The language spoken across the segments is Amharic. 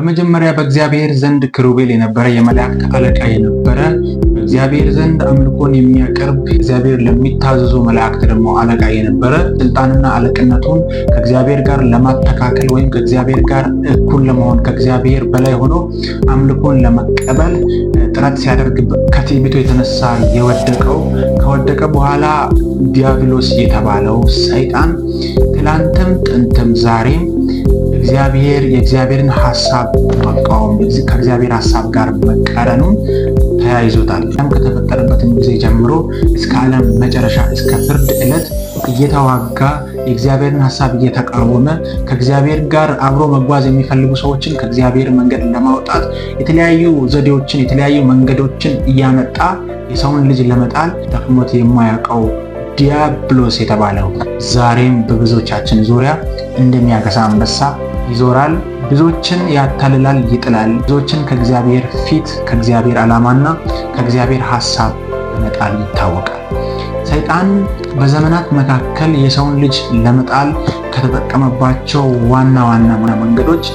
በመጀመሪያ በእግዚአብሔር ዘንድ ክሩቤል የነበረ የመላእክት አለቃ የነበረ በእግዚአብሔር ዘንድ አምልኮን የሚያቀርብ እግዚአብሔር ለሚታዘዙ መላእክት ደግሞ አለቃ የነበረ ስልጣንና አለቅነቱን ከእግዚአብሔር ጋር ለማተካከል ወይም ከእግዚአብሔር ጋር እኩል ለመሆን ከእግዚአብሔር በላይ ሆኖ አምልኮን ለመቀበል ጥረት ሲያደርግ ከትዕቢቱ የተነሳ የወደቀው ከወደቀ በኋላ ዲያብሎስ የተባለው ሰይጣን ትላንትም ጥንትም ዛሬም እግዚአብሔር የእግዚአብሔርን ሀሳብ መቃወም ከእግዚአብሔር ሀሳብ ጋር መቃረኑን ተያይዞታል። ዓለም ከተፈጠረበትን ጊዜ ጀምሮ እስከ ዓለም መጨረሻ እስከ ፍርድ ዕለት እየተዋጋ የእግዚአብሔርን ሀሳብ እየተቃወመ ከእግዚአብሔር ጋር አብሮ መጓዝ የሚፈልጉ ሰዎችን ከእግዚአብሔር መንገድ ለማውጣት የተለያዩ ዘዴዎችን የተለያዩ መንገዶችን እያመጣ የሰውን ልጅ ለመጣል ደክሞት የማያውቀው ዲያብሎስ የተባለው ዛሬም በብዙዎቻችን ዙሪያ እንደሚያገሳ አንበሳ ይዞራል። ብዙዎችን ያታልላል፣ ይጥላል። ብዙዎችን ከእግዚአብሔር ፊት ከእግዚአብሔር ዓላማና ከእግዚአብሔር ሐሳብ በመጣል ይታወቃል። ሰይጣን በዘመናት መካከል የሰውን ልጅ ለመጣል ከተጠቀመባቸው ዋና ዋና መንገዶች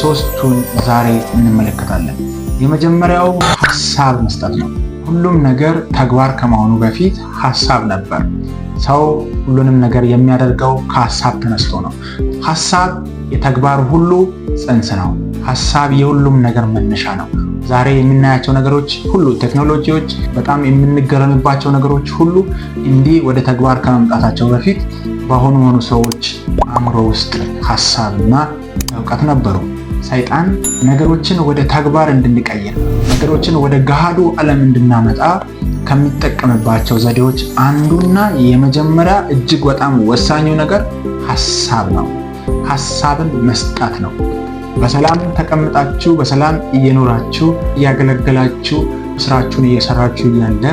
ሶስቱን ዛሬ እንመለከታለን። የመጀመሪያው ሐሳብ መስጠት ነው። ሁሉም ነገር ተግባር ከመሆኑ በፊት ሀሳብ ነበር። ሰው ሁሉንም ነገር የሚያደርገው ከሀሳብ ተነስቶ ነው። ሀሳብ የተግባር ሁሉ ጽንስ ነው። ሀሳብ የሁሉም ነገር መነሻ ነው። ዛሬ የምናያቸው ነገሮች ሁሉ፣ ቴክኖሎጂዎች፣ በጣም የምንገረምባቸው ነገሮች ሁሉ እንዲህ ወደ ተግባር ከመምጣታቸው በፊት በሆኑ ሆኑ ሰዎች አእምሮ ውስጥ ሀሳብና እውቀት ነበሩ። ሰይጣን ነገሮችን ወደ ተግባር እንድንቀይር ነገሮችን ወደ ገሃዱ ዓለም እንድናመጣ ከሚጠቀምባቸው ዘዴዎች አንዱና የመጀመሪያ እጅግ በጣም ወሳኙ ነገር ሀሳብ ነው። ሀሳብን መስጣት ነው። በሰላም ተቀምጣችሁ በሰላም እየኖራችሁ እያገለገላችሁ ስራችሁን እየሰራችሁ እያለ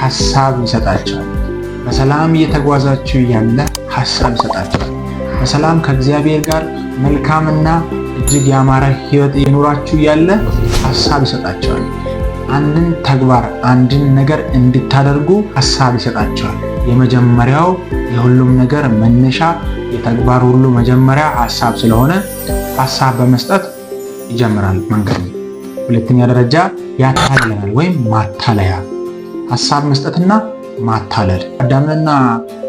ሀሳብ ይሰጣቸዋል። በሰላም እየተጓዛችሁ እያለ ሀሳብ ይሰጣችኋል በሰላም ከእግዚአብሔር ጋር መልካምና እጅግ የአማራ ህይወት የኖራችሁ ያለ ሀሳብ ይሰጣቸዋል። አንድን ተግባር አንድን ነገር እንድታደርጉ ሀሳብ ይሰጣቸዋል። የመጀመሪያው የሁሉም ነገር መነሻ የተግባር ሁሉ መጀመሪያ ሀሳብ ስለሆነ ሀሳብ በመስጠት ይጀምራል መንገድ። ሁለተኛ ደረጃ ያታለናል ወይም ማታለያ፣ ሀሳብ መስጠትና ማታለል አዳምንና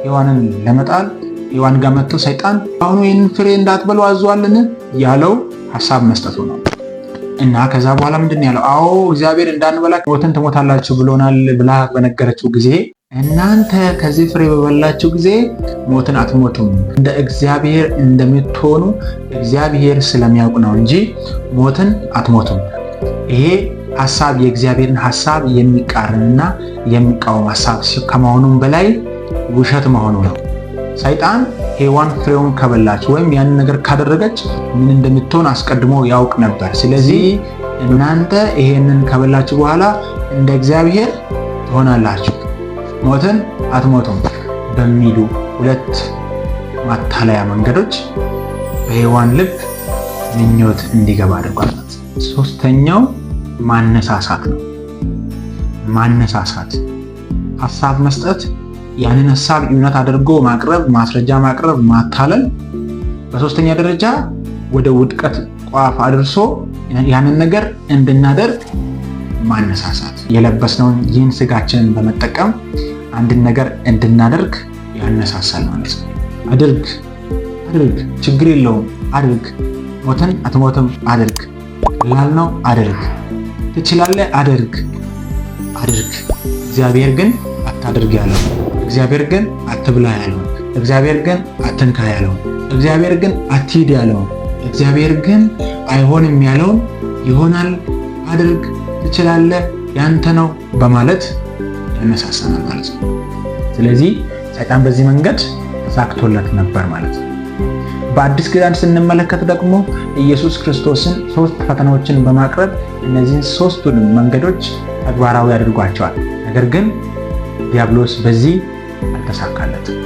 ሔዋንን ለመጣል ሔዋን ጋር መጥቶ ሰይጣን አሁኑ ይህን ፍሬ እንዳትበሉ አዟልን ያለው ሀሳብ መስጠቱ ነው። እና ከዛ በኋላ ምንድን ያለው? አዎ እግዚአብሔር እንዳንበላ ሞትን ትሞታላችሁ ብሎናል ብላ በነገረችው ጊዜ እናንተ ከዚህ ፍሬ በበላችሁ ጊዜ ሞትን አትሞቱም፣ እንደ እግዚአብሔር እንደምትሆኑ እግዚአብሔር ስለሚያውቅ ነው እንጂ ሞትን አትሞቱም። ይሄ ሀሳብ የእግዚአብሔርን ሀሳብ የሚቃረንና የሚቃወም ሀሳብ ከመሆኑም በላይ ውሸት መሆኑ ነው። ሰይጣን ሔዋን ፍሬውን ከበላች ወይም ያንን ነገር ካደረገች ምን እንደምትሆን አስቀድሞ ያውቅ ነበር። ስለዚህ እናንተ ይሄንን ከበላችሁ በኋላ እንደ እግዚአብሔር ትሆናላችሁ፣ ሞትን አትሞቱም በሚሉ ሁለት ማታለያ መንገዶች በሔዋን ልብ ምኞት እንዲገባ አድርጓል። ሶስተኛው ማነሳሳት ነው። ማነሳሳት ሀሳብ መስጠት ያንን ሀሳብ እውነት አድርጎ ማቅረብ፣ ማስረጃ ማቅረብ፣ ማታለል፣ በሶስተኛ ደረጃ ወደ ውድቀት ቋፍ አድርሶ ያንን ነገር እንድናደርግ ማነሳሳት፣ የለበስነውን ይህን ስጋችንን በመጠቀም አንድን ነገር እንድናደርግ ያነሳሳል ማለት ነው። አድርግ አድርግ፣ ችግር የለውም አድርግ፣ ሞተን አትሞትም አድርግ፣ ላልነው አድርግ፣ ትችላለህ አድርግ አድርግ። እግዚአብሔር ግን አታድርግ ያለው እግዚአብሔር ግን አትብላ ያለውን፣ እግዚአብሔር ግን አትንካ ያለው፣ እግዚአብሔር ግን አትሂድ ያለውን እግዚአብሔር ግን አይሆንም ያለውን ይሆናል፣ አድርግ፣ ትችላለህ፣ ያንተ ነው በማለት ያነሳሳናል ማለት ነው። ስለዚህ ሰይጣን በዚህ መንገድ ተሳክቶለት ነበር ማለት ነው። በአዲስ ኪዳን ስንመለከት ደግሞ ኢየሱስ ክርስቶስን ሶስት ፈተናዎችን በማቅረብ እነዚህን ሶስቱንም መንገዶች ተግባራዊ አድርጓቸዋል። ነገር ግን ዲያብሎስ በዚህ አልተሳካለትም።